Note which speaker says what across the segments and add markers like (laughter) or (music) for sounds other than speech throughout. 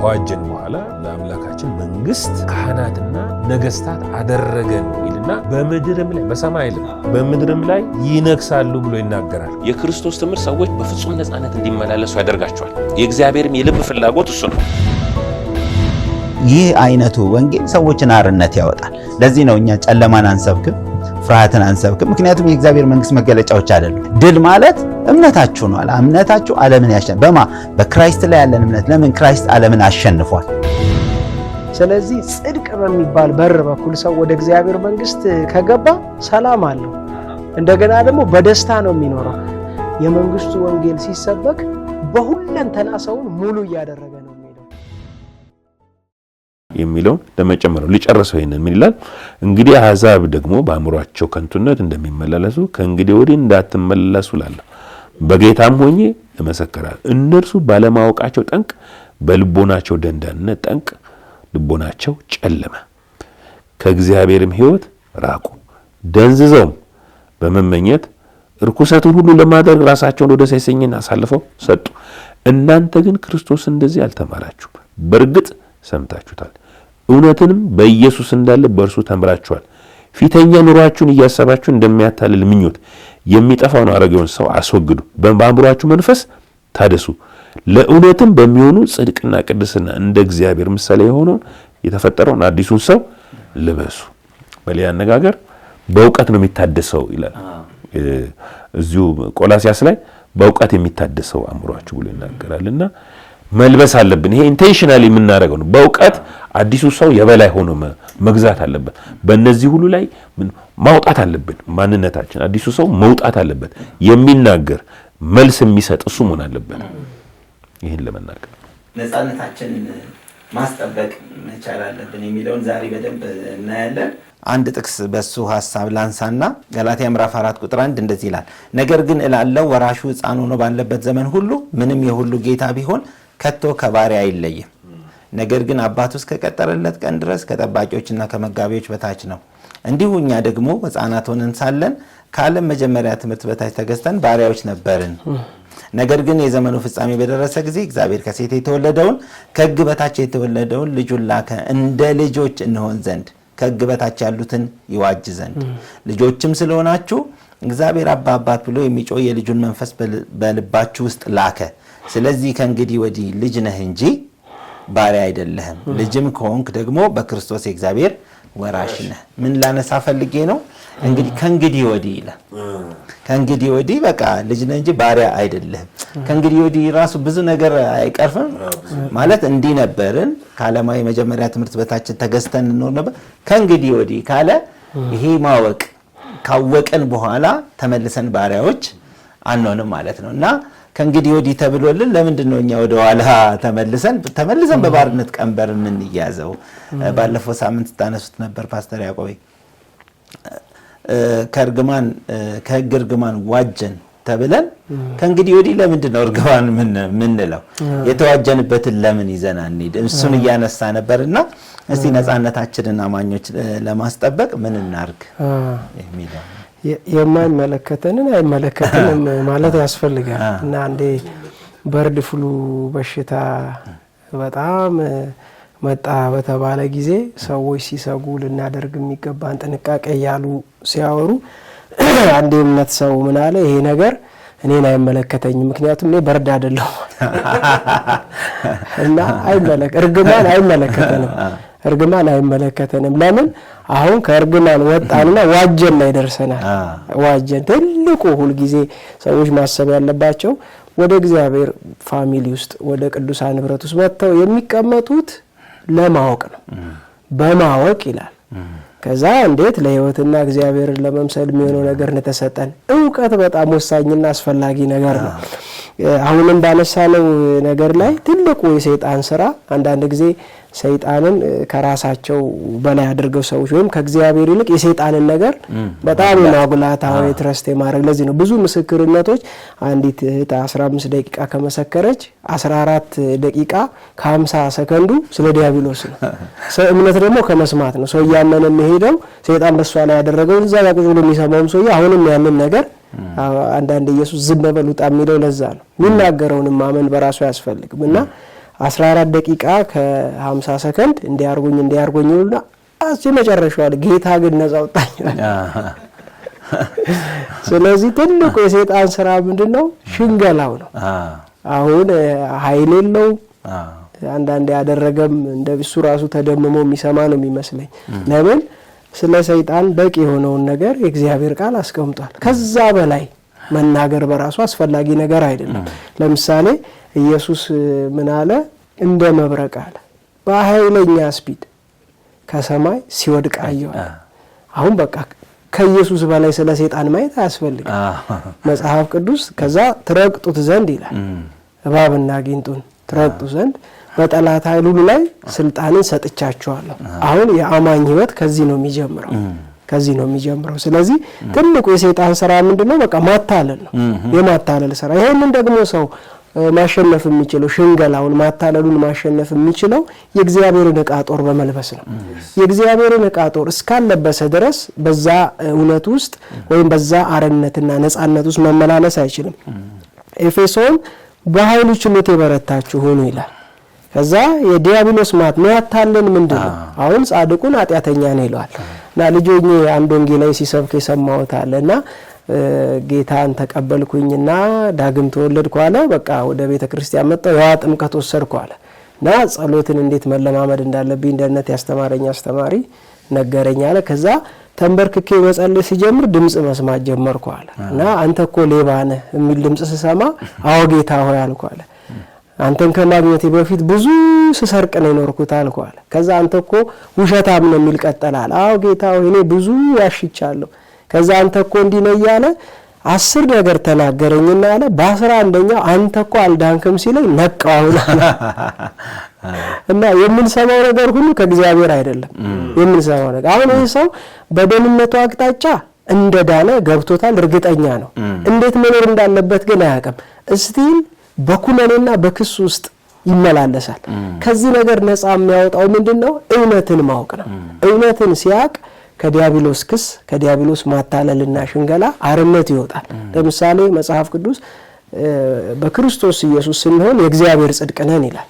Speaker 1: ከዋጀን በኋላ ለአምላካችን መንግስት ካህናትና ነገስታት አደረገን ይልና በምድርም ላይ በሰማይ ላይ በምድርም ላይ ይነግሳሉ ብሎ ይናገራል። የክርስቶስ ትምህርት ሰዎች በፍጹም ነፃነት እንዲመላለሱ ያደርጋቸዋል። የእግዚአብሔርም የልብ ፍላጎት እሱ ነው። ይህ አይነቱ ወንጌል ሰዎችን አርነት ያወጣል። ለዚህ ነው እኛ ጨለማን አንሰብክም፣ ፍርሃትን አንሰብክም። ምክንያቱም የእግዚአብሔር መንግስት መገለጫዎች አይደሉም። ድል ማለት እምነታችሁ ነው አለ። እምነታችሁ ዓለምን ያሸንፋል። በማ በክራይስት ላይ ያለን እምነት። ለምን ክራይስት ዓለምን አሸንፏል።
Speaker 2: ስለዚህ ጽድቅ በሚባል በር በኩል ሰው ወደ እግዚአብሔር መንግስት ከገባ ሰላም አለው። እንደገና ደግሞ በደስታ ነው የሚኖረው። የመንግስቱ ወንጌል ሲሰበክ በሁለንተና ሰውን ሙሉ እያደረገ ነው የሚሄደው
Speaker 1: የሚለው ለመጨመረው ሊጨርሰው። ይህንን ምን ይላል እንግዲህ አሕዛብ ደግሞ በአእምሯቸው ከንቱነት እንደሚመላለሱ ከእንግዲህ ወዲህ እንዳትመላለሱ ላለሁ በጌታም ሆኜ እመሰክራለሁ። እነርሱ ባለማወቃቸው ጠንቅ፣ በልቦናቸው ደንዳንነት ጠንቅ ልቦናቸው ጨለመ፣ ከእግዚአብሔርም ሕይወት ራቁ። ደንዝዘውም በመመኘት እርኩሰትን ሁሉ ለማድረግ ራሳቸውን ወደ ሴሰኝን አሳልፈው ሰጡ። እናንተ ግን ክርስቶስ እንደዚህ አልተማራችሁም። በእርግጥ ሰምታችሁታል፣ እውነትንም በኢየሱስ እንዳለ በእርሱ ተምራችኋል። ፊተኛ ኑሯችሁን እያሰባችሁ እንደሚያታልል ምኞት የሚጠፋውን አረጋውን ሰው አስወግዱ። በአእምሯችሁ መንፈስ ታደሱ። ለእውነትም በሚሆኑ ጽድቅና ቅድስና እንደ እግዚአብሔር ምሳሌ የሆነውን የተፈጠረውን አዲሱን ሰው ልበሱ። በሌላ አነጋገር በእውቀት ነው የሚታደሰው ይላል። እዚሁ ቆላሲያስ ላይ በእውቀት የሚታደሰው አእምሯችሁ ብሎ ይናገራልና መልበስ አለብን። ይሄ ኢንቴንሽናሊ የምናደርገው ነው። በእውቀት አዲሱ ሰው የበላይ ሆኖ መግዛት አለበት። በእነዚህ ሁሉ ላይ ማውጣት አለብን። ማንነታችን አዲሱ ሰው መውጣት አለበት። የሚናገር መልስ የሚሰጥ እሱ መሆን አለብን። ይህን ለመናገር
Speaker 2: ነጻነታችንን ማስጠበቅ መቻል አለብን የሚለውን ዛሬ በደንብ እናያለን። አንድ ጥቅስ በሱ ሀሳብ ላንሳና ገላትያ ምዕራፍ አራት ቁጥር አንድ እንደዚህ ይላል፣ ነገር ግን እላለው ወራሹ ሕፃን ሆኖ ባለበት ዘመን ሁሉ ምንም የሁሉ ጌታ ቢሆን ከቶ ከባሪያ አይለይም። ነገር ግን አባቱ እስከቀጠረለት ቀን ድረስ ከጠባቂዎችና ከመጋቢዎች በታች ነው። እንዲሁ እኛ ደግሞ ሕፃናት ሆነን ሳለን ከአለም መጀመሪያ ትምህርት በታች ተገዝተን ባሪያዎች ነበርን። ነገር ግን የዘመኑ ፍጻሜ በደረሰ ጊዜ እግዚአብሔር ከሴት የተወለደውን ከህግ በታች የተወለደውን ልጁን ላከ፣ እንደ ልጆች እንሆን ዘንድ ከህግ በታች ያሉትን ይዋጅ ዘንድ። ልጆችም ስለሆናችሁ እግዚአብሔር አባ አባት ብሎ የሚጮ የልጁን መንፈስ በልባችሁ ውስጥ ላከ ስለዚህ ከእንግዲህ ወዲህ ልጅ ነህ እንጂ ባሪያ አይደለህም። ልጅም ከሆንክ ደግሞ በክርስቶስ የእግዚአብሔር ወራሽ ነህ። ምን ላነሳ ፈልጌ ነው እንግዲህ ከእንግዲህ ወዲህ ይላል። ከእንግዲህ ወዲህ በቃ ልጅ ነህ እንጂ ባሪያ አይደለህም። ከእንግዲህ ወዲህ ራሱ ብዙ ነገር አይቀርፍም ማለት እንዲህ ነበርን፣ ከዓለማዊ መጀመሪያ ትምህርት በታችን ተገዝተን እንኖር ነበር። ከእንግዲህ ወዲህ ካለ ይሄ ማወቅ ካወቀን በኋላ ተመልሰን ባሪያዎች አንሆንም ማለት ነው እና ከእንግዲህ ወዲህ ተብሎልን ለምንድን ነው እኛ ወደ ኋላ ተመልሰን ተመልሰን በባርነት ቀንበር የምንያዘው? ባለፈው ሳምንት ስታነሱት ነበር ፓስተር ያቆቤ ከእርግማን ከህግ እርግማን ዋጀን ተብለን ከእንግዲህ ወዲህ ለምንድን ነው እርግማን ምንለው? የተዋጀንበትን ለምን ይዘን አንሂድ? እሱን እያነሳ ነበርና እስቲ ነፃነታችንን አማኞች ለማስጠበቅ ምን እናርግ የሚለው የማይመለከተንን አይመለከተንም (laughs) ማለት ያስፈልጋል እና አንዴ በርድ ፍሉ በሽታ በጣም መጣ በተባለ ጊዜ ሰዎች ሲሰጉ ልናደርግ የሚገባን ጥንቃቄ እያሉ ሲያወሩ (clears throat) አንድ የእምነት ሰው ምን አለ፣ ይሄ ነገር እኔን አይመለከተኝም፣ ምክንያቱም እኔ በርድ አይደለሁም (laughs) እና እርግማን አይመለከተንም። እርግማን አይመለከተንም ለምን አሁን ከእርግማን ወጣንና (laughs) ዋጀን ላይ ደርሰናል። ዋጀን ትልቁ ሁልጊዜ ሰዎች ማሰብ ያለባቸው ወደ እግዚአብሔር ፋሚሊ ውስጥ ወደ ቅዱሳን ህብረት ውስጥ መጥተው የሚቀመጡት ለማወቅ ነው። በማወቅ ይላል። ከዛ እንዴት ለህይወትና እግዚአብሔርን ለመምሰል የሚሆነው ነገር እንደተሰጠን እውቀት በጣም ወሳኝና አስፈላጊ ነገር ነው። አሁንም ባነሳነው ነገር ላይ ትልቁ የሰይጣን ስራ አንዳንድ ጊዜ ሰይጣንን ከራሳቸው በላይ አድርገው ሰዎች ወይም ከእግዚአብሔር ይልቅ የሰይጣንን ነገር በጣም ማጉላታዊ ትረስት የማድረግ ለዚህ ነው ብዙ ምስክርነቶች። አንዲት እህት 15 ደቂቃ ከመሰከረች 14 ደቂቃ ከ50 ሰከንዱ ስለ ዲያብሎስ ነው። (laughs) እምነት ደግሞ ከመስማት ነው። ሰው እያመነ የሚሄደው ሰይጣን በእሷ ላይ ያደረገው እዛ ጋር ቁጭ ብሎ የሚሰማውም ሰውዬ አሁንም ያንን ነገር አንዳንድ ኢየሱስ ዝም በል ውጣ የሚለው ለዛ ነው። የሚናገረውንም ማመን በራሱ አያስፈልግም እና 14 ደቂቃ ከ50 ሰከንድ እንዲያርጉኝ እንዲያርጉኝ ይሉና መጨረሻዋል ጌታ ግን ነጻ ወጣኝ። (laughs) ስለዚህ ትልቁ የሰይጣን ስራ ምንድን ነው? ሽንገላው ነው። አሁን ኃይል የለውም። አንዳንድ ያደረገም እንደ እሱ ራሱ ተደምሞ የሚሰማ ነው የሚመስለኝ። ለምን ስለ ሰይጣን በቂ የሆነውን ነገር የእግዚአብሔር ቃል አስቀምጧል። ከዛ በላይ መናገር በራሱ አስፈላጊ ነገር አይደለም። ለምሳሌ ኢየሱስ ምን አለ? እንደ መብረቅ አለ በኃይለኛ ስፒድ ከሰማይ ሲወድቅ አየዋል። አሁን በቃ ከኢየሱስ በላይ ስለ ሴጣን ማየት አያስፈልግም። መጽሐፍ ቅዱስ ከዛ ትረግጡት ዘንድ ይላል እባብና ጊንጡን ትረግጡ ዘንድ በጠላት ኃይል ሁሉ ላይ ስልጣንን ሰጥቻችኋለሁ። አሁን የአማኝ ህይወት ከዚህ ነው የሚጀምረው ከዚህ ነው የሚጀምረው። ስለዚህ ትልቁ የሰይጣን ስራ ምንድነው? በቃ ማታለል ነው፣ የማታለል ስራ። ይሄንን ደግሞ ሰው ማሸነፍ የሚችለው ሽንገላውን ማታለሉን ማሸነፍ የሚችለው የእግዚአብሔርን እቃ ጦር በመልበስ ነው። የእግዚአብሔርን እቃ ጦር እስካለበሰ ድረስ በዛ እውነት ውስጥ ወይም በዛ አረነትና ነጻነት ውስጥ መመላለስ አይችልም። ኤፌሶን በኃይሉ ችሎት የበረታችሁ ሁኑ ይላል። ከዛ የዲያብሎስ ማት ሚያታለን ምንድን ነው? አሁን ጻድቁን አጢአተኛ ነው ይለዋል። እና ልጆ አንድ ወንጌላዊ ሲሰብክ የሰማሁት አለ እና ጌታን ተቀበልኩኝና ዳግም ተወለድኩ አለ። በቃ ወደ ቤተ ክርስቲያን መጣው ያ ጥምቀት ወሰድኩ አለ እና ጸሎትን እንዴት መለማመድ እንዳለብኝ እንደነት ያስተማረኝ አስተማሪ ነገረኝ አለ። ከዛ ተንበርክኬ መጸለይ ሲጀምር ድምፅ መስማት ጀመርኩ አለ እና አንተ እኮ ሌባ ነህ የሚል ድምፅ ስሰማ አዎ ጌታ ሆይ አልኩ አለ። አንተን ከማግኘቴ በፊት ብዙ ስሰርቅ ነው የኖርኩት አልኩ አለ። ከዛ አንተ እኮ ውሸታም ነው የሚል ቀጠላል። አዎ ጌታ ሆይ እኔ ብዙ ያሽቻለሁ ከዛ አንተ እኮ እንዲህ እያለ አስር ነገር ተናገረኝና አለ በአስራ አንደኛው አንተ እኮ አልዳንክም ሲለኝ ነቃው (laughs) እና የምንሰማው ነገር ሁሉ ከእግዚአብሔር አይደለም። የምንሰማው ነገር አሁን ይህ ሰው በደህንነቱ አቅጣጫ እንደዳነ ገብቶታል፣ እርግጠኛ ነው። እንዴት መኖር እንዳለበት ግን አያውቅም። እስቲል በኩነኔና በክስ ውስጥ ይመላለሳል። ከዚህ ነገር ነፃ የሚያወጣው ምንድን ነው? እውነትን ማወቅ ነው። እውነትን ሲያውቅ ከዲያብሎስ ክስ ከዲያብሎስ ማታለልና ሽንገላ አርነት ይወጣል። ለምሳሌ መጽሐፍ ቅዱስ በክርስቶስ ኢየሱስ ስንሆን የእግዚአብሔር ጽድቅ ነን ይላል።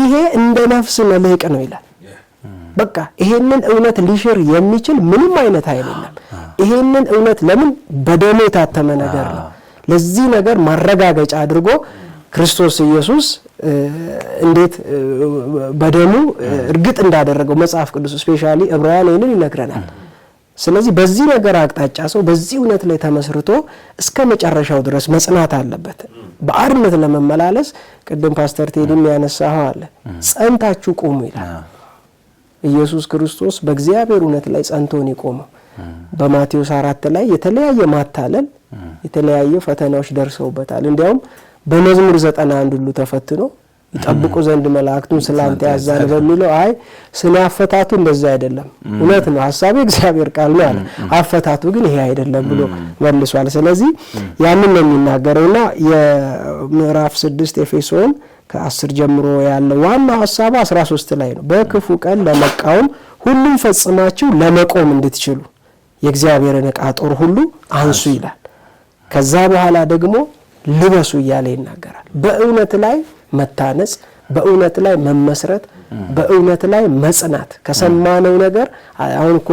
Speaker 2: ይሄ እንደ ነፍስ መልህቅ ነው ይላል። በቃ ይሄንን እውነት ሊሽር የሚችል ምንም አይነት ኃይል የለም። ይሄንን እውነት ለምን በደሙ የታተመ ነገር ነው። ለዚህ ነገር ማረጋገጫ አድርጎ ክርስቶስ ኢየሱስ እንዴት በደሙ እርግጥ እንዳደረገው መጽሐፍ ቅዱስ ስፔሻሊ ዕብራውያን ይህንን ይነግረናል። ስለዚህ በዚህ ነገር አቅጣጫ ሰው በዚህ እውነት ላይ ተመስርቶ እስከ መጨረሻው ድረስ መጽናት አለበት። በአርነት ለመመላለስ ቅድም ፓስተር ቴዲም ያነሳኸው አለ ጸንታችሁ ቁሙ ይላል። ኢየሱስ ክርስቶስ በእግዚአብሔር እውነት ላይ ጸንቶን ይቆመው በማቴዎስ አራት ላይ የተለያየ ማታለል የተለያየ ፈተናዎች ደርሰውበታል። እንዲያውም በመዝሙር ዘጠና አንድ ሁሉ ተፈትኖ ይጠብቁ ዘንድ መላእክቱን ስላንተ ያዛን በሚለው አይ ስለ አፈታቱ እንደዛ አይደለም፣ እውነት ነው ሀሳቤ እግዚአብሔር ቃል ነው አለ፣ አፈታቱ ግን ይሄ አይደለም ብሎ መልሷል። ስለዚህ ያንን ነው የሚናገረውና የምዕራፍ ስድስት ኤፌሶን ከአስር ጀምሮ ያለው ዋናው ሀሳቡ አስራ ሶስት ላይ ነው በክፉ ቀን ለመቃወም ሁሉም ፈጽማችሁ ለመቆም እንድትችሉ የእግዚአብሔርን ዕቃ ጦር ሁሉ አንሱ ይላል። ከዛ በኋላ ደግሞ ልበሱ እያለ ይናገራል። በእውነት ላይ መታነጽ፣ በእውነት ላይ መመስረት፣ በእውነት ላይ መጽናት ከሰማነው ነገር አሁን እኮ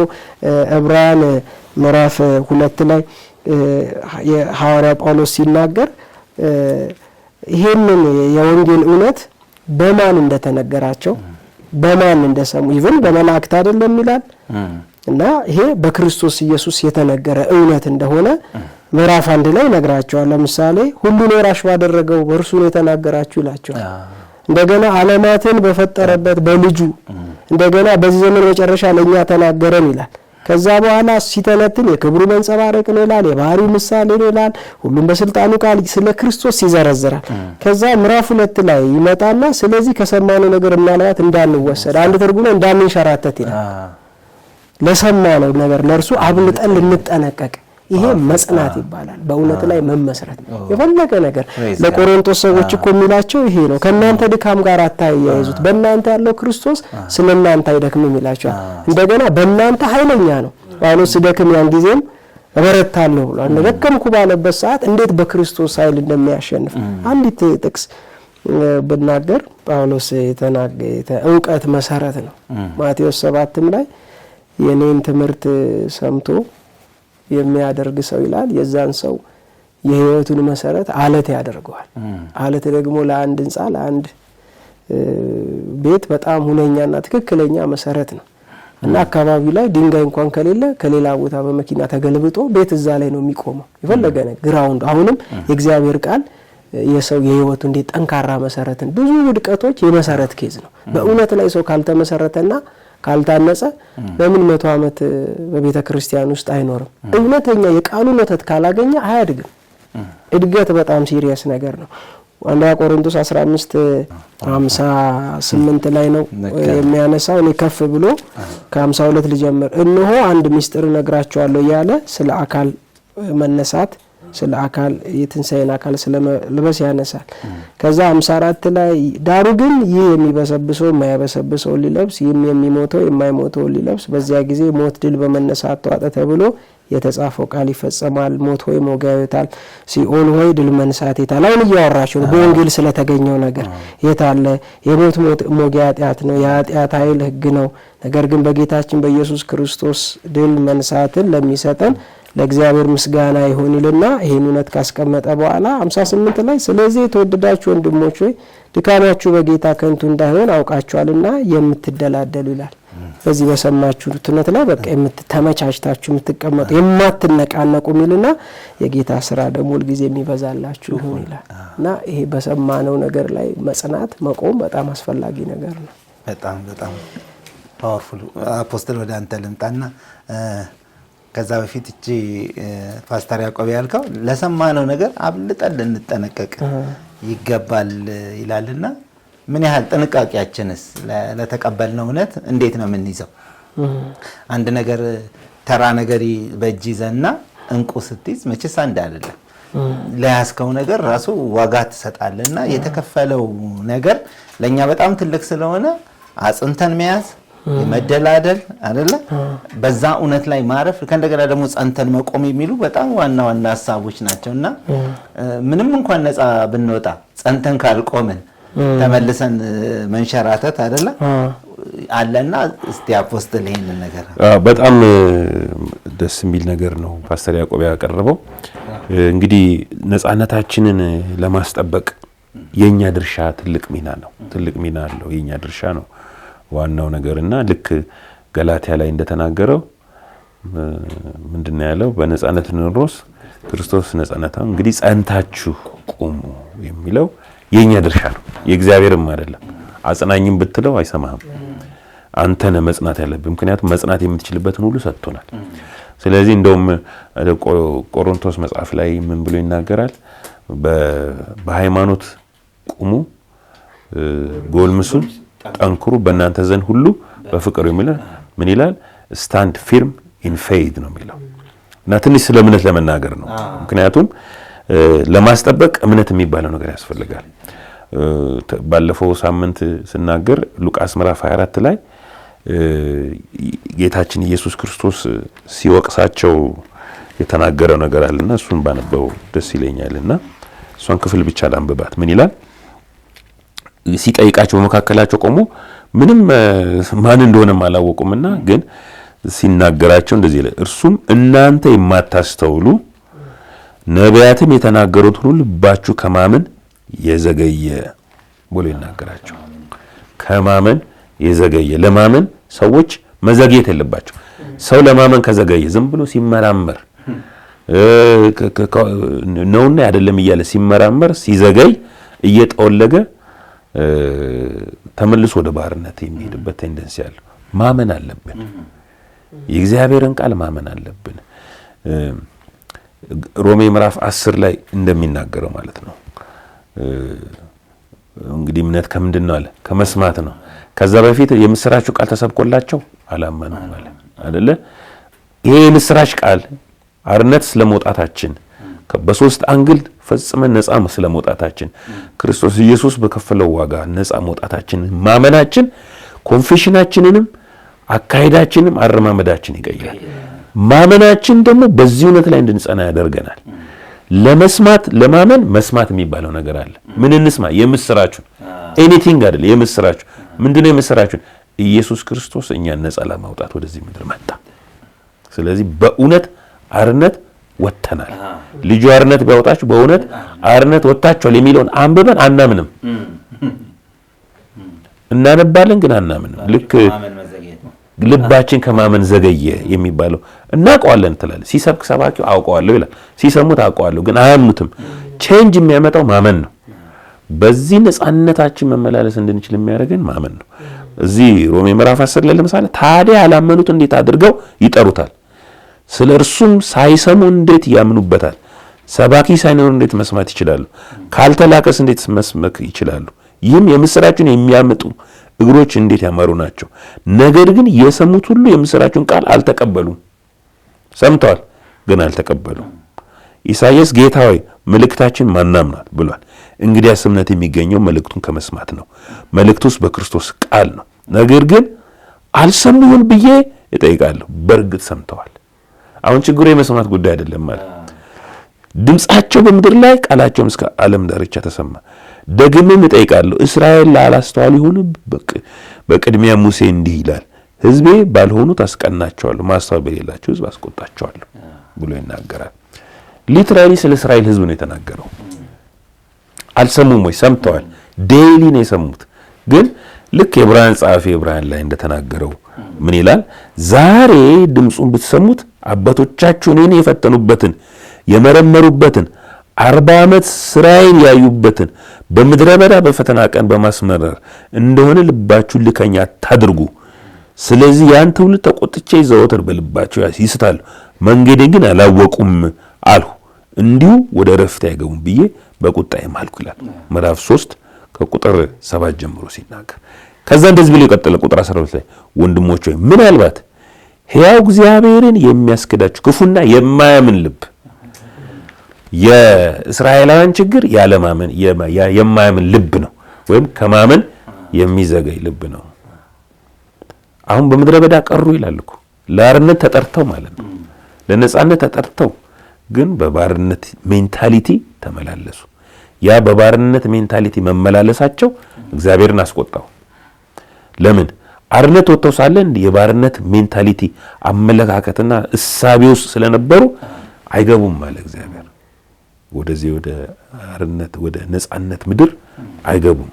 Speaker 2: ዕብራውያን ምዕራፍ ሁለት ላይ የሐዋርያ ጳውሎስ ሲናገር ይህንን የወንጌል እውነት በማን እንደተነገራቸው በማን እንደሰሙ ይብን በመላእክት አይደለም ይላል እና ይሄ በክርስቶስ ኢየሱስ የተነገረ እውነት እንደሆነ ምዕራፍ አንድ ላይ ነግራቸዋል። ለምሳሌ ሁሉን ወራሽ ባደረገው ነው የተናገራችሁ ይላቸዋል። እንደገና ዓለማትን በፈጠረበት በልጁ እንደገና በዚህ ዘመን መጨረሻ ለእኛ ተናገረን ይላል። ከዛ በኋላ ሲተነትን የክብሩ መንጸባረቅን ይላል፣ የባህሪው ምሳሌን ይላል፣ ሁሉም በስልጣኑ ቃል ስለ ክርስቶስ ይዘረዝራል። ከዛ ምዕራፍ ሁለት ላይ ይመጣና ስለዚህ ከሰማነው ነገር ምናልባት እንዳንወሰድ አንድ ትርጉም እንዳንንሸራተት ይላል። ለሰማነው ነገር ለእርሱ አብልጠን ልንጠነቀቅ ይሄ መጽናት ይባላል። በእውነት ላይ መመስረት የፈለገ ነገር ለቆሮንቶስ ሰዎች እኮ የሚላቸው ይሄ ነው። ከእናንተ ድካም ጋር አታያይዙት፣ በእናንተ ያለው ክርስቶስ ስለ እናንተ አይደክም የሚላቸዋል። እንደገና በእናንተ ኃይለኛ ነው። ጳውሎስ ስደክም ያን ጊዜም እበረታለሁ ብሏል። ደከምኩ ባለበት ሰዓት እንዴት በክርስቶስ ኃይል እንደሚያሸንፍ አንዲት ጥቅስ ብናገር ጳውሎስ እውቀት መሰረት ነው። ማቴዎስ ሰባትም ላይ የኔን ትምህርት ሰምቶ የሚያደርግ ሰው ይላል የዛን ሰው የህይወቱን መሰረት አለት ያደርገዋል። አለት ደግሞ ለአንድ ህንፃ ለአንድ ቤት በጣም ሁነኛና ትክክለኛ መሰረት ነው እና አካባቢው ላይ ድንጋይ እንኳን ከሌለ ከሌላ ቦታ በመኪና ተገልብጦ ቤት እዛ ላይ ነው የሚቆመው። የፈለገ ግራውንድ አሁንም የእግዚአብሔር ቃል የሰው የህይወቱ እንዴት ጠንካራ መሰረትን ብዙ ውድቀቶች የመሰረት ኬዝ ነው በእውነት ላይ ሰው ካልተመሰረተና ካልታነጸ ለምን መቶ ዓመት በቤተ ክርስቲያን ውስጥ አይኖርም? እውነተኛ የቃሉ ወተት ካላገኘ አያድግም። እድገት በጣም ሲሪየስ ነገር ነው። አንደኛ ቆሮንቶስ 15 58 ላይ ነው የሚያነሳው። እኔ ከፍ ብሎ ከ52 ልጀምር። እነሆ አንድ ሚስጥር ነግራቸዋለሁ እያለ ስለ አካል መነሳት ስለ አካል የትንሣኤን አካል ስለመልበስ ያነሳል። ከዛ ሃምሳ አራት ላይ ዳሩ ግን ይህ የሚበሰብሰው የማይበሰብሰው ሊለብስ፣ ይህም የሚሞተው የማይሞተው ሊለብስ፣ በዚያ ጊዜ ሞት ድል በመነሳት ተዋጠ ተብሎ የተጻፈው ቃል ይፈጸማል። ሞት ሆይ ሞጋዮታል፣ ሲኦል ሆይ ድል መንሳት የታል? አሁን እያወራችሁ በወንጌል ስለተገኘው ነገር የታለ? የሞት ሞጊያ ኃጢአት ነው። የኃጢአት ኃይል ህግ ነው። ነገር ግን በጌታችን በኢየሱስ ክርስቶስ ድል መንሳትን ለሚሰጠን ለእግዚአብሔር ምስጋና ይሁን ይልና ይህን እውነት ካስቀመጠ በኋላ 58 ላይ ስለዚህ የተወደዳችሁ ወንድሞች ሆይ ድካማችሁ በጌታ ከንቱ እንዳይሆን አውቃችኋልና የምትደላደሉ ይላል። በዚህ በሰማችሁ እውነት ላይ በቃ ተመቻችታችሁ የምትቀመጡ የማትነቃነቁ ሚልና የጌታ ስራ ደግሞ ሁልጊዜ የሚበዛላችሁ ይሁን ይላል እና ይሄ በሰማነው ነገር ላይ መጽናት መቆም በጣም አስፈላጊ ነገር ነው።
Speaker 1: በጣም በጣም ፓወርፉል አፖስትል ወደ አንተ ልምጣና ከዛ በፊት እቺ ፓስተር ያቆብ ያልከው ለሰማነው ነገር አብልጠን ልንጠነቀቅ ይገባል ይላልና ምን ያህል ጥንቃቄያችንስ ለተቀበልነው እውነት እንዴት ነው የምንይዘው? አንድ ነገር ተራ ነገር በእጅ ይዘና እንቁ ስትይዝ መቼስ አንድ አይደለም። ለያዝከው ነገር ራሱ ዋጋ ትሰጣለና የተከፈለው ነገር ለእኛ በጣም ትልቅ ስለሆነ አጽንተን መያዝ መደላደል አይደለ? በዛ እውነት ላይ ማረፍ ከእንደገና ደግሞ ጸንተን መቆም የሚሉ በጣም ዋና ዋና ሀሳቦች ናቸው እና ምንም እንኳን ነፃ ብንወጣ ጸንተን ካልቆምን ተመልሰን መንሸራተት አይደለ አለና እስቲ አፖስትል ይሄንን ነገር በጣም ደስ የሚል ነገር ነው ፓስተር ያዕቆብ ያቀረበው። እንግዲህ ነፃነታችንን ለማስጠበቅ የኛ ድርሻ ትልቅ ሚና ነው፣ ትልቅ ሚና አለው፣ የእኛ ድርሻ ነው። ዋናው ነገር ልክ ገላትያ ላይ እንደተናገረው ምንድነው ያለው? በነጻነት ንሮስ ክርስቶስ ነጻነት አሁን እንግዲህ ጸንታችሁ ቁሙ የሚለው የኛ ድርሻ ነው፣ የእግዚአብሔርም አይደለም። አጽናኝም ብትለው አይሰማህም። አንተ ነህ መጽናት ያለብህ፣ ምክንያቱም መጽናት የምትችልበትን ሁሉ ሰጥቶናል። ስለዚህ እንደውም ቆሮንቶስ መጽሐፍ ላይ ምን ብሎ ይናገራል? በሃይማኖት ቁሙ፣ ጎልምሱን ጠንክሩ በእናንተ ዘንድ ሁሉ በፍቅሩ የሚለ ምን ይላል? ስታንድ ፊርም ኢን ፌይድ ነው የሚለው እና ትንሽ ስለ እምነት ለመናገር ነው። ምክንያቱም ለማስጠበቅ እምነት የሚባለው ነገር ያስፈልጋል። ባለፈው ሳምንት ስናገር ሉቃስ ምዕራፍ 24 ላይ ጌታችን ኢየሱስ ክርስቶስ ሲወቅሳቸው የተናገረው ነገር አለና እሱን ባነበው ደስ ይለኛልና እሷን ክፍል ብቻ ላንብባት። ምን ይላል? ሲጠይቃቸው በመካከላቸው ቆሞ ምንም ማን እንደሆነም አላወቁምና ግን ሲናገራቸው እንደዚህ ይላል፣ እርሱም እናንተ የማታስተውሉ ነቢያትም የተናገሩት ሁሉ ልባችሁ ከማመን የዘገየ ብሎ ይናገራቸው። ከማመን የዘገየ ለማመን ሰዎች መዘግየት የለባቸው። ሰው ለማመን ከዘገየ ዝም ብሎ ሲመራመር ነውና አይደለም እያለ ሲመራመር ሲዘገይ እየጠወለገ ተመልሶ ወደ ባርነት የሚሄድበት ቴንደንሲ አለ። ማመን አለብን። የእግዚአብሔርን ቃል ማመን አለብን። ሮሜ ምዕራፍ አስር ላይ እንደሚናገረው ማለት ነው እንግዲህ እምነት ከምንድን ነው አለ? ከመስማት ነው። ከዛ በፊት የምስራቹ ቃል ተሰብኮላቸው አላመኑም አለ አይደለ? ይሄ የምስራች ቃል አርነት ስለመውጣታችን በሶስት አንግል ፈጽመን ነፃ ስለ መውጣታችን ክርስቶስ ኢየሱስ በከፈለው ዋጋ ነፃ መውጣታችን ማመናችን ኮንፌሽናችንንም አካሄዳችንም አረማመዳችን ይቀይራል። ማመናችን ደግሞ በዚህ እውነት ላይ እንድንጸና ያደርገናል። ለመስማት ለማመን መስማት የሚባለው ነገር አለ። ምን እንስማ? የምስራቹን። ኤኒቲንግ አይደል፣ የምስራቹን። ነው? የምስራቹን? ኢየሱስ ክርስቶስ እኛን ነፃ ለማውጣት ወደዚህ ምድር መጣ። ስለዚህ በእውነት አርነት ወጥተናል። ልጁ አርነት ቢያወጣችሁ በእውነት አርነት ወጥታችኋል የሚለውን አንብበን አናምንም። እናነባለን ግን አናምንም። ልክ ልባችን ከማመን ዘገየ የሚባለው እናውቀዋለን ትላለህ። ሲሰብክ ሰባኪው አውቀዋለሁ ይላል፣ ሲሰሙት አውቀዋለሁ ግን አያምኑትም። ቼንጅ የሚያመጣው ማመን ነው። በዚህ ነፃነታችን መመላለስ እንድንችል የሚያደርገን ማመን ነው። እዚህ ሮሜ ምዕራፍ 10 ላይ ለምሳሌ ታዲያ ያላመኑት እንዴት አድርገው ይጠሩታል? ስለ እርሱም ሳይሰሙ እንዴት ያምኑበታል? ሰባኪ ሳይኖር እንዴት መስማት ይችላሉ? ካልተላከስ እንዴት መስመክ ይችላሉ? ይህም የምስራችን የሚያመጡ እግሮች እንዴት ያማሩ ናቸው! ነገር ግን የሰሙት ሁሉ የምሥራችን ቃል አልተቀበሉም። ሰምተዋል፣ ግን አልተቀበሉም። ኢሳይያስ ጌታ ሆይ መልእክታችን ማናምናል ብሏል። እንግዲያስ እምነት የሚገኘው መልእክቱን ከመስማት ነው፣ መልእክቱስ በክርስቶስ ቃል ነው። ነገር ግን አልሰሙህም ብዬ እጠይቃለሁ፣ በእርግጥ ሰምተዋል አሁን ችግሩ የመስማት ጉዳይ አይደለም ማለት ድምፃቸው በምድር ላይ ቃላቸውም እስከ ዓለም ዳርቻ ተሰማ። ደግሜም እጠይቃለሁ እስራኤል ላላስተዋሉ ይሁን። በቅድሚያ ሙሴ እንዲህ ይላል ህዝቤ ባልሆኑት አስቀናቸዋለሁ፣ ማስተዋል በሌላቸው ህዝብ አስቆጣቸዋለሁ ብሎ ይናገራል። ሊትራሊ ስለ እስራኤል ህዝብ ነው የተናገረው። አልሰሙም ወይ? ሰምተዋል። ዴይሊ ነው የሰሙት ግን ልክ የብርሃን ጸሐፊ የብርሃን ላይ እንደተናገረው ምን ይላል? ዛሬ ድምፁን ብትሰሙት አባቶቻችሁ እኔን የፈተኑበትን የመረመሩበትን አርባ ዓመት ስራዬን ያዩበትን በምድረ በዳ በፈተና ቀን በማስመረር እንደሆነ ልባችሁ ልከኛ ታድርጉ። ስለዚህ ያን ትውልድ ተቆጥቼ ዘወትር በልባቸው ይስታሉ፣ መንገዴ ግን አላወቁም አልሁ፣ እንዲሁ ወደ ረፍት አይገቡም ብዬ በቁጣዬ ማልኩ ይላል ምዕራፍ 3 ከቁጥር ሰባት ጀምሮ ሲናገር ከዛ እንደዚህ ብሎ የቀጠለ ቁጥር 12 ላይ ወንድሞች ሆይ ምናልባት ሕያው እግዚአብሔርን የሚያስክዳችሁ ክፉና የማያምን ልብ የእስራኤላውያን ችግር ያለማመን የማያምን ልብ ነው፣ ወይም ከማመን የሚዘገይ ልብ ነው። አሁን በምድረ በዳ ቀሩ ይላል እኮ ለአርነት ተጠርተው ማለት ነው፣ ለነጻነት ተጠርተው ግን በባርነት ሜንታሊቲ ተመላለሱ። ያ በባርነት ሜንታሊቲ መመላለሳቸው እግዚአብሔርን አስቆጣው። ለምን አርነት ወጥተው ሳለ የባርነት ሜንታሊቲ አመለካከትና እሳቤ ውስጥ ስለነበሩ አይገቡም አለ እግዚአብሔር። ወደዚህ ወደ አርነት ወደ ነጻነት ምድር አይገቡም።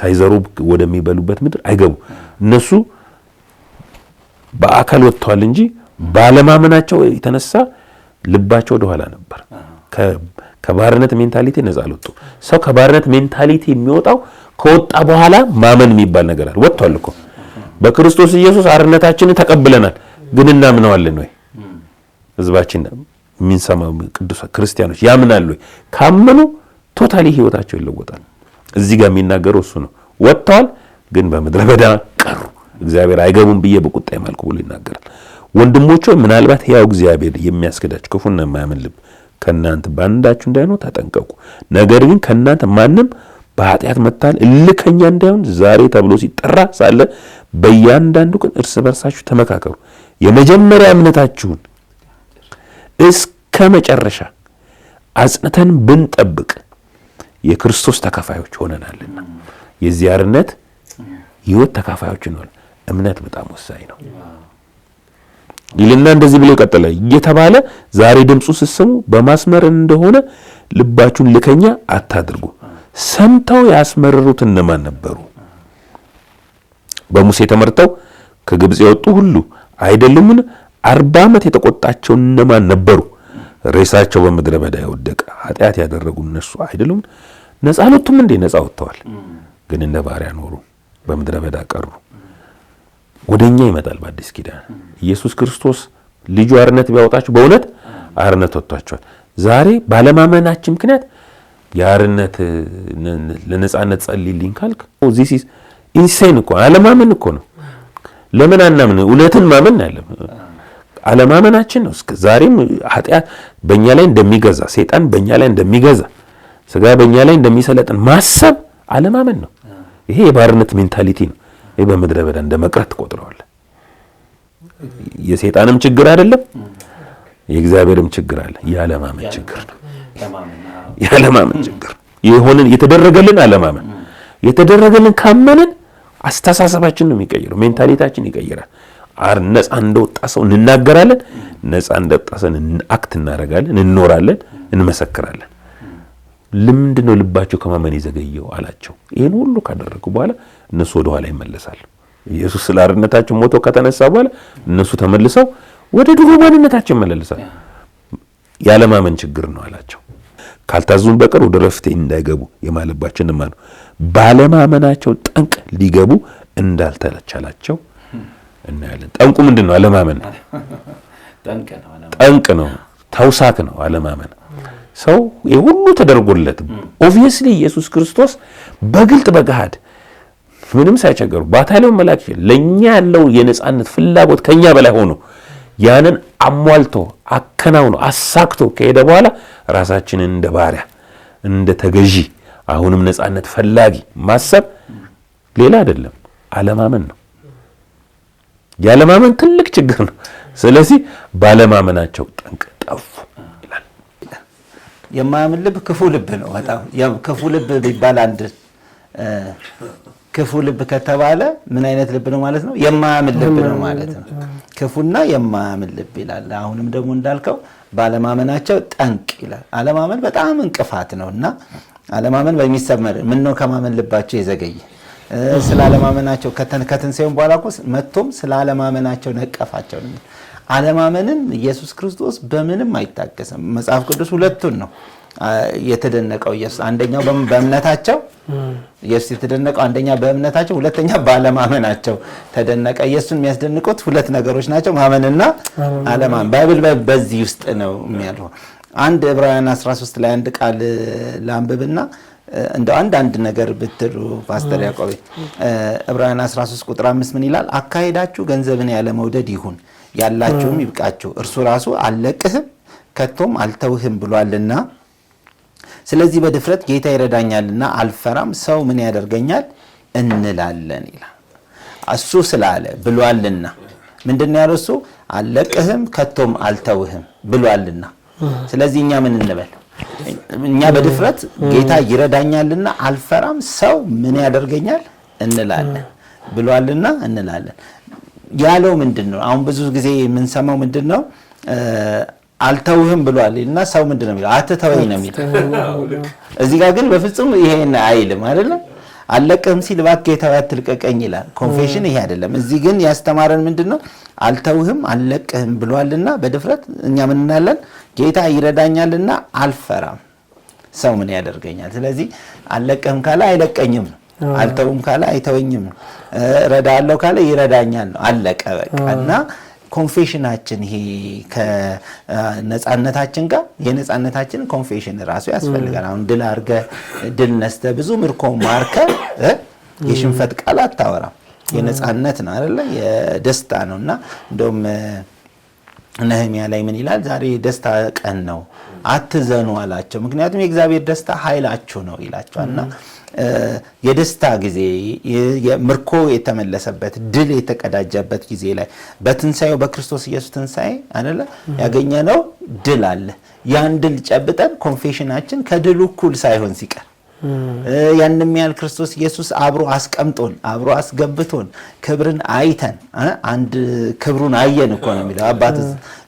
Speaker 1: ሳይዘሩ ወደሚበሉበት ምድር አይገቡም። እነሱ በአካል ወጥተዋል እንጂ ባለማመናቸው የተነሳ ልባቸው ወደኋላ ነበር። ከባርነት ሜንታሊቲ ነፃ አልወጡ። ሰው ከባርነት ሜንታሊቲ የሚወጣው ከወጣ በኋላ ማመን የሚባል ነገር አለ። ወጥቷል እኮ በክርስቶስ ኢየሱስ አርነታችንን ተቀብለናል። ግን እናምነዋለን ወይ? ህዝባችን የሚንሰማው ቅዱሳ ክርስቲያኖች ያምናሉ ወይ? ካመኑ ቶታሊ ህይወታቸው ይለወጣል። እዚህ ጋር የሚናገረው እሱ ነው። ወጥተዋል፣ ግን በምድረ በዳ ቀሩ። እግዚአብሔር አይገቡም ብዬ በቁጣ ይማልኩ ብሎ ይናገራል። ወንድሞቹ ምናልባት ያው እግዚአብሔር የሚያስክዳቸው ክፉና የማያምን ልብ ከእናንተ በአንዳችሁ እንዳይሆን ተጠንቀቁ። ነገር ግን ከእናንተ ማንም በኃጢአት መታል እልከኛ እንዳይሆን ዛሬ ተብሎ ሲጠራ ሳለ በእያንዳንዱ ቀን እርስ በርሳችሁ ተመካከሩ። የመጀመሪያ እምነታችሁን እስከ መጨረሻ አጽንተን ብንጠብቅ የክርስቶስ ተካፋዮች ሆነናልና የዚህ አርነት ሕይወት ተካፋዮች እንሆን። እምነት በጣም ወሳኝ ነው። ይልና እንደዚህ ብሎ ቀጠለ እየተባለ ዛሬ ድምፁ ስሰሙ በማስመር እንደሆነ ልባችሁን ልከኛ አታድርጉ። ሰምተው ያስመረሩት እነማን ነበሩ? በሙሴ ተመርተው ከግብፅ የወጡ ሁሉ አይደሉምን? አርባ ዓመት የተቆጣቸው እነማን ነበሩ? ሬሳቸው በምድረ በዳ የወደቀ ኃጢአት ያደረጉ እነሱ አይደሉም? ነፃ አልወጡም እንዴ? ነፃ ወጥተዋል፣ ግን እንደ ባሪያ ኖሩ፣ በምድረ በዳ ቀሩ። ወደኛ ይመጣል በአዲስ ኪዳን ኢየሱስ ክርስቶስ ልጁ አርነት ቢያወጣችሁ በእውነት አርነት ወጥቷቸዋል። ዛሬ ባለማመናችን ምክንያት የአርነት ለነጻነት ጸልይልኝ ካልክ ዚስ ኢዝ ኢንሴን እኮ አለማመን እኮ ነው። ለምን አናምን? እውነትን ማመን አለ አለማመናችን ነው። እስከ ዛሬም ኃጢአት በእኛ ላይ እንደሚገዛ ሰይጣን በእኛ ላይ እንደሚገዛ ስጋ በእኛ ላይ እንደሚሰለጥን ማሰብ አለማመን ነው። ይሄ የባርነት ሜንታሊቲ ነው። ይሄ በምድረ በዳ እንደ መቅረት ትቆጥረዋለህ። የሰይጣንም ችግር አይደለም፣ የእግዚአብሔርም ችግር አለ። ያለማመን ችግር ነው። ያለማመን ችግር የሆነን የተደረገልን አለማመን የተደረገልን ካመንን አስተሳሰባችን ነው የሚቀይረው። ሜንታሊታችን ይቀይራል። አር ነፃ እንደወጣ ሰው እንናገራለን። ነፃ እንደወጣ ሰው አክት እናደርጋለን፣ እንኖራለን፣ እንመሰክራለን። ለምንድን ነው ልባቸው ከማመን የዘገየው አላቸው። ይህን ሁሉ ካደረጉ በኋላ እነሱ ወደኋላ ይመለሳል። ኢየሱስ ስለ አርነታቸው ሞቶ ከተነሳ በኋላ እነሱ ተመልሰው ወደ ድሮ ማንነታችን መለልሳል። ያለማመን ችግር ነው አላቸው። ካልታዙን በቀር ወደ ረፍቴ እንዳይገቡ የማለባችን ማ ነው። ባለማመናቸው ጠንቅ ሊገቡ እንዳልተቻላቸው እናያለን። ጠንቁ ምንድን ነው? አለማመን ጠንቅ ነው፣ ተውሳክ ነው። አለማመን ሰው የሁሉ ተደርጎለት ኦብቪየስሊ ኢየሱስ ክርስቶስ በግልጥ በገሃድ ምንም ሳይቸገሩ ባታሊዮን መላክ ይችላል። ለእኛ ያለው የነፃነት ፍላጎት ከኛ በላይ ሆኖ ያንን አሟልቶ አከናውኖ አሳክቶ ከሄደ በኋላ ራሳችንን እንደ ባሪያ እንደ ተገዢ አሁንም ነፃነት ፈላጊ ማሰብ ሌላ አይደለም አለማመን ነው። ያለማመን ትልቅ ችግር ነው። ስለዚህ ባለማመናቸው ጠንቅ ጠፉ ይላል።
Speaker 2: የማያምን ልብ ክፉ ልብ ነው። በጣም ክፉ ልብ የሚባል አንድ ክፉ ልብ ከተባለ ምን አይነት ልብ ነው ማለት ነው? የማያምን ልብ ነው ማለት ነው። ክፉና የማያምን ልብ ይላል። አሁንም ደግሞ እንዳልከው ባለማመናቸው ጠንቅ ይላል። አለማመን በጣም እንቅፋት ነው እና አለማመን በሚሰመር ምን ነው ከማመን ልባቸው የዘገየ ስለ አለማመናቸው ከትንሣኤውም በኋላ እኮ መጥቶም ስለ አለማመናቸው ነቀፋቸው። አለማመንን ኢየሱስ ክርስቶስ በምንም አይታገስም። መጽሐፍ ቅዱስ ሁለቱን ነው የተደነቀው ኢየሱስ አንደኛው በእምነታቸው ኢየሱስ የተደነቀው አንደኛ በእምነታቸው፣ ሁለተኛ ባለማመናቸው ተደነቀ። ኢየሱስን የሚያስደንቁት ሁለት ነገሮች ናቸው፣ ማመንና አለማመን። ባይብል በዚህ ውስጥ ነው የሚያልፈው። አንድ ዕብራውያን 13 ላይ አንድ ቃል ላንብብና እንደ አንድ አንድ ነገር ብትሉ ፓስተር ያቆቤ ዕብራውያን 13 ቁጥር 5 ምን ይላል? አካሄዳችሁ ገንዘብን ያለ መውደድ ይሁን፣ ያላችሁም ይብቃችሁ፣ እርሱ ራሱ አልለቅህም ከቶም አልተውህም ብሏልና ስለዚህ በድፍረት ጌታ ይረዳኛልና አልፈራም፣ ሰው ምን ያደርገኛል እንላለን ይላል። እሱ ስላለ ብሏልና ምንድን ያለው? እሱ አለቅህም ከቶም አልተውህም ብሏልና። ስለዚህ እኛ ምን እንበል? እኛ በድፍረት ጌታ ይረዳኛልና አልፈራም፣ ሰው ምን ያደርገኛል እንላለን ብሏልና እንላለን። ያለው ምንድን ነው? አሁን ብዙ ጊዜ የምንሰማው ምንድን ነው? አልተውህም ብሏል እና ሰው ምንድን ነው የሚለው? አትተወኝ ነው የሚለው። እዚህ ጋር ግን በፍጹም ይሄን አይልም አይደለም። አልለቅህም ሲል እባክህ ጌታ አትልቀቀኝ ይላል። ኮንፌሽን ይሄ አይደለም። እዚህ ግን ያስተማረን ምንድን ነው? አልተውህም አልለቅህም ብሏልና በድፍረት እኛ ምን እናለን? ጌታ ይረዳኛልና አልፈራም። ሰው ምን ያደርገኛል? ስለዚህ አልለቅህም ካለ አይለቀኝም ነው። አልተውም ካለ አይተወኝም ነው። እረዳለሁ ካለ ይረዳኛል ነው። አለቀ በቃ እና ኮንፌሽናችን ይሄ ከነጻነታችን ጋር የነጻነታችን ኮንፌሽን ራሱ ያስፈልጋል። አሁን ድል አርገ ድል ነስተ ብዙ ምርኮ ማርከ የሽንፈት ቃል አታወራም። የነጻነት ነው አይደለ? የደስታ ነው። እና እንደውም ነህሚያ ላይ ምን ይላል? ዛሬ የደስታ ቀን ነው አትዘኑ አላቸው። ምክንያቱም የእግዚአብሔር ደስታ ኃይላችሁ ነው ይላቸዋል እና የደስታ ጊዜ ምርኮ የተመለሰበት ድል የተቀዳጀበት ጊዜ ላይ በትንሳኤው በክርስቶስ ኢየሱስ ትንሳኤ አለ ያገኘነው ድል አለ። ያን ድል ጨብጠን ኮንፌሽናችን ከድሉ እኩል ሳይሆን ሲቀር ያንም ያህል ክርስቶስ ኢየሱስ አብሮ አስቀምጦን አብሮ አስገብቶን ክብርን አይተን አንድ ክብሩን አየን እኮ ነው የሚለው አባት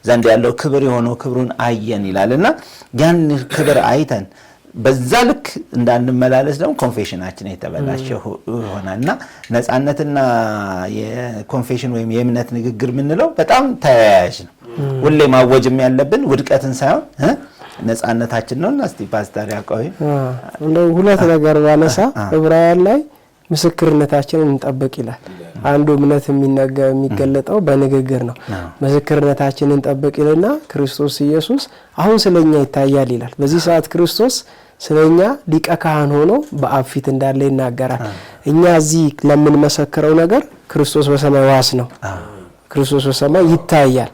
Speaker 2: ዘንድ ያለው ክብር የሆነው ክብሩን አየን ይላል እና ያን ክብር አይተን በዛ ልክ እንዳንመላለስ ደግሞ ኮንፌሽናችን የተበላሸ ሆናል እና ነፃነትና የኮንፌሽን ወይም የእምነት ንግግር የምንለው በጣም ተያያዥ ነው። ሁሌ ማወጅም ያለብን ውድቀትን ሳይሆን ነፃነታችን ነው። እና ስቲ ፓስተር ያቆይ ሁለት ነገር ባነሳ ዕብራውያን ላይ ምስክርነታችንን እንጠብቅ ይላል። አንዱ እምነት የሚነገ የሚገለጠው በንግግር ነው። ምስክርነታችንን እንጠብቅ ይልና ክርስቶስ ኢየሱስ አሁን ስለኛ ይታያል ይላል። በዚህ ሰዓት ክርስቶስ ስለኛ ሊቀ ካህን ሆኖ በአብ ፊት እንዳለ ይናገራል። እኛ እዚህ ለምንመሰክረው ነገር ክርስቶስ በሰማይ ዋስ ነው። ክርስቶስ በሰማይ ይታያል።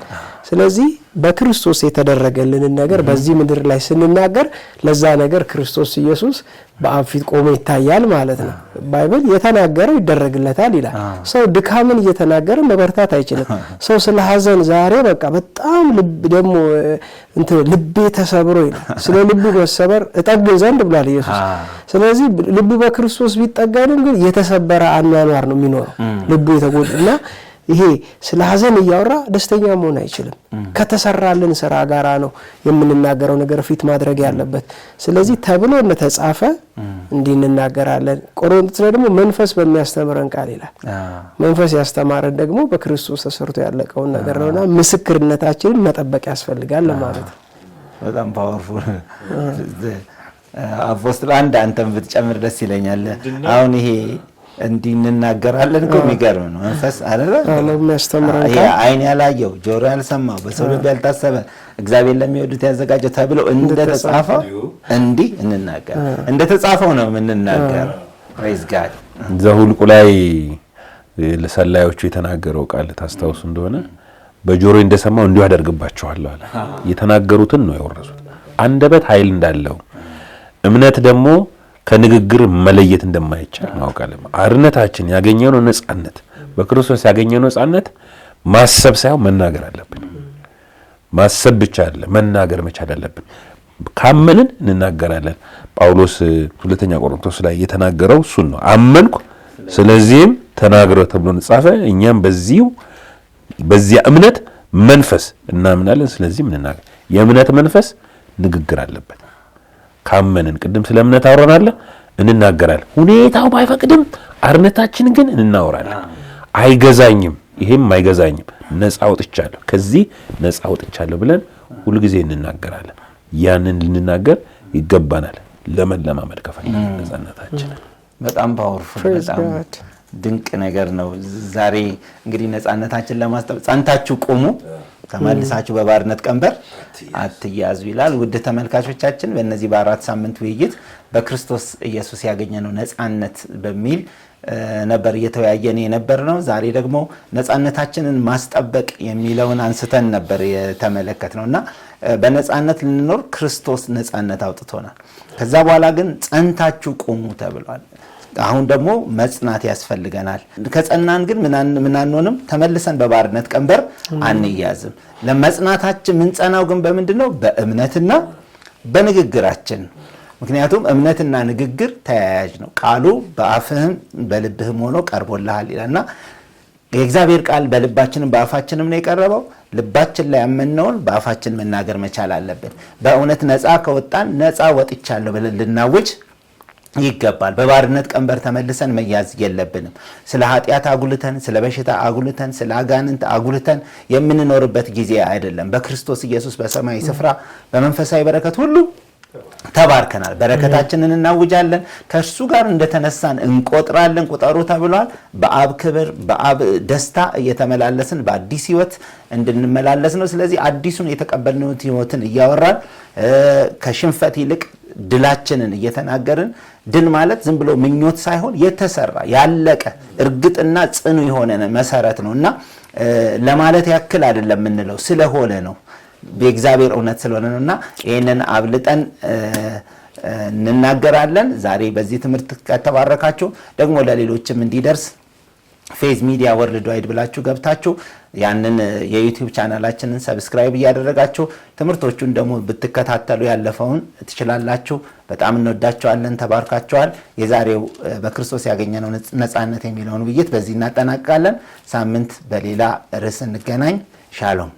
Speaker 2: ስለዚህ በክርስቶስ የተደረገልንን ነገር በዚህ ምድር ላይ ስንናገር ለዛ ነገር ክርስቶስ ኢየሱስ በአብ ፊት ቆሞ ይታያል ማለት ነው። ባይብል የተናገረው ይደረግለታል ይላል። ሰው ድካምን እየተናገረ መበርታት አይችልም። ሰው ስለ ሀዘን ዛሬ በቃ በጣም ደግሞ ልቤ ተሰብሮ ይላል። ስለ ልቡ መሰበር እጠግን ዘንድ ብሏል ኢየሱስ። ስለዚህ ልቡ በክርስቶስ ቢጠገንም ግን የተሰበረ አኗኗር ነው የሚኖረው ልቡ የተጎዳና ይሄ ስለ ሀዘን እያወራ ደስተኛ መሆን አይችልም። ከተሰራልን ስራ ጋራ ነው የምንናገረው ነገር ፊት ማድረግ ያለበት። ስለዚህ ተብሎ እንደተጻፈ እንዲህ እንናገራለን። ቆሮንቶስ ላይ ደግሞ መንፈስ በሚያስተምረን ቃል ይላል። መንፈስ ያስተማረን ደግሞ በክርስቶስ ተሰርቶ ያለቀውን ነገር ነውና ምስክርነታችንን መጠበቅ ያስፈልጋል ለማለት ነው።
Speaker 1: በጣም ፓወርፉል አፖስትል አንድ አንተም ብትጨምር ደስ ይለኛል። አሁን ይሄ እንዲህ እንናገራለን እኮ የሚገርም ነው። መንፈስ አይን ያላየው ጆሮ ያልሰማው በሰው ልብ ያልታሰበ እግዚአብሔር ለሚወዱት ያዘጋጀው ተብሎ እንደተጻፈው እንዲህ እንናገር እንደተጻፈው ነው የምንናገር። ፕሬዝ ጋድ ዘሁልቁ ላይ ለሰላዮቹ የተናገረው ቃል ታስታውሱ እንደሆነ በጆሮ እንደሰማው እንዲሁ አደርግባቸዋለሁ አለ። የተናገሩትን ነው የወረሱት። አንደበት ኃይል እንዳለው እምነት ደግሞ ከንግግር መለየት እንደማይቻል ማውቃለም። አርነታችን ያገኘነው ነጻነት፣ በክርስቶስ ያገኘነው ነጻነት ማሰብ ሳይሆን መናገር አለብን። ማሰብ ብቻ አለ መናገር መቻል አለብን። ካመንን እንናገራለን። ጳውሎስ ሁለተኛ ቆሮንቶስ ላይ የተናገረው እሱን ነው። አመንኩ ስለዚህም ተናግሮ ተብሎ ንጻፈ እኛም በዚሁ በዚያ እምነት መንፈስ እናምናለን፣ ስለዚህም እንናገር። የእምነት መንፈስ ንግግር አለበት። ካመንን ቅድም ስለ እምነት አውረናለ እንናገራለን። ሁኔታው ባይፈቅድም አርነታችን ግን እናወራለን። አይገዛኝም፣ ይሄም አይገዛኝም፣ ነፃ አውጥቻለሁ፣ ከዚህ ነፃ አውጥቻለሁ ብለን ሁልጊዜ እንናገራለን። ያንን ልንናገር ይገባናል። ለመለማመድ ከፈለ ነፃነታችንን
Speaker 2: በጣም ፓወርፉል ድንቅ ነገር ነው። ዛሬ እንግዲህ ነፃነታችን ለማስጠብ ጸንታችሁ ቁሙ። ተመልሳችሁ በባርነት ቀንበር አትያዙ ይላል። ውድ ተመልካቾቻችን በእነዚህ በአራት ሳምንት ውይይት በክርስቶስ ኢየሱስ ያገኘነው ነፃነት በሚል ነበር እየተወያየን የነበር ነው። ዛሬ ደግሞ ነፃነታችንን ማስጠበቅ የሚለውን አንስተን ነበር የተመለከት ነው እና በነፃነት ልንኖር ክርስቶስ ነፃነት አውጥቶናል። ከዛ በኋላ ግን ጸንታችሁ ቁሙ ተብሏል። አሁን ደግሞ መጽናት ያስፈልገናል። ከጸናን ግን ምናንሆንም ተመልሰን በባርነት ቀንበር አንያዝም። ለመጽናታችን ምንጸናው ግን በምንድን ነው? በእምነትና በንግግራችን። ምክንያቱም እምነትና ንግግር ተያያዥ ነው። ቃሉ በአፍህም በልብህም ሆኖ ቀርቦልሃል ይላልና የእግዚአብሔር ቃል በልባችንም በአፋችንም ነው የቀረበው። ልባችን ላይ ያመንነውን በአፋችን መናገር መቻል አለብን። በእውነት ነፃ ከወጣን ነፃ ወጥቻለሁ ብለን ልናውጅ ይገባል። በባርነት ቀንበር ተመልሰን መያዝ የለብንም። ስለ ኃጢአት አጉልተን፣ ስለ በሽታ አጉልተን፣ ስለ አጋንንት አጉልተን የምንኖርበት ጊዜ አይደለም። በክርስቶስ ኢየሱስ በሰማያዊ ስፍራ በመንፈሳዊ በረከት ሁሉ ተባርከናል። በረከታችንን እናውጃለን። ከእርሱ ጋር እንደተነሳን እንቆጥራለን። ቁጠሩ ተብሏል። በአብ ክብር፣ በአብ ደስታ እየተመላለስን በአዲስ ህይወት እንድንመላለስ ነው። ስለዚህ አዲሱን የተቀበልነውን ህይወትን እያወራን ከሽንፈት ይልቅ ድላችንን እየተናገርን ድል ማለት ዝም ብሎ ምኞት ሳይሆን የተሰራ ያለቀ እርግጥና ጽኑ የሆነ መሰረት ነው እና ለማለት ያክል አይደለም የምንለው ስለሆነ ነው የእግዚአብሔር እውነት ስለሆነ ነው እና ይህንን አብልጠን እንናገራለን። ዛሬ በዚህ ትምህርት ከተባረካችሁ ደግሞ ለሌሎችም እንዲደርስ ፌዝ ሚዲያ ወርልድ ዋይድ ብላችሁ ገብታችሁ ያንን የዩቲዩብ ቻናላችንን ሰብስክራይብ እያደረጋችሁ ትምህርቶቹን ደግሞ ብትከታተሉ ያለፈውን ትችላላችሁ። በጣም እንወዳቸዋለን ተባርካቸዋል የዛሬው በክርስቶስ ያገኘነው ነፃነት የሚለውን ውይይት በዚህ እናጠናቅቃለን። ሳምንት በሌላ ርዕስ እንገናኝ። ሻሎም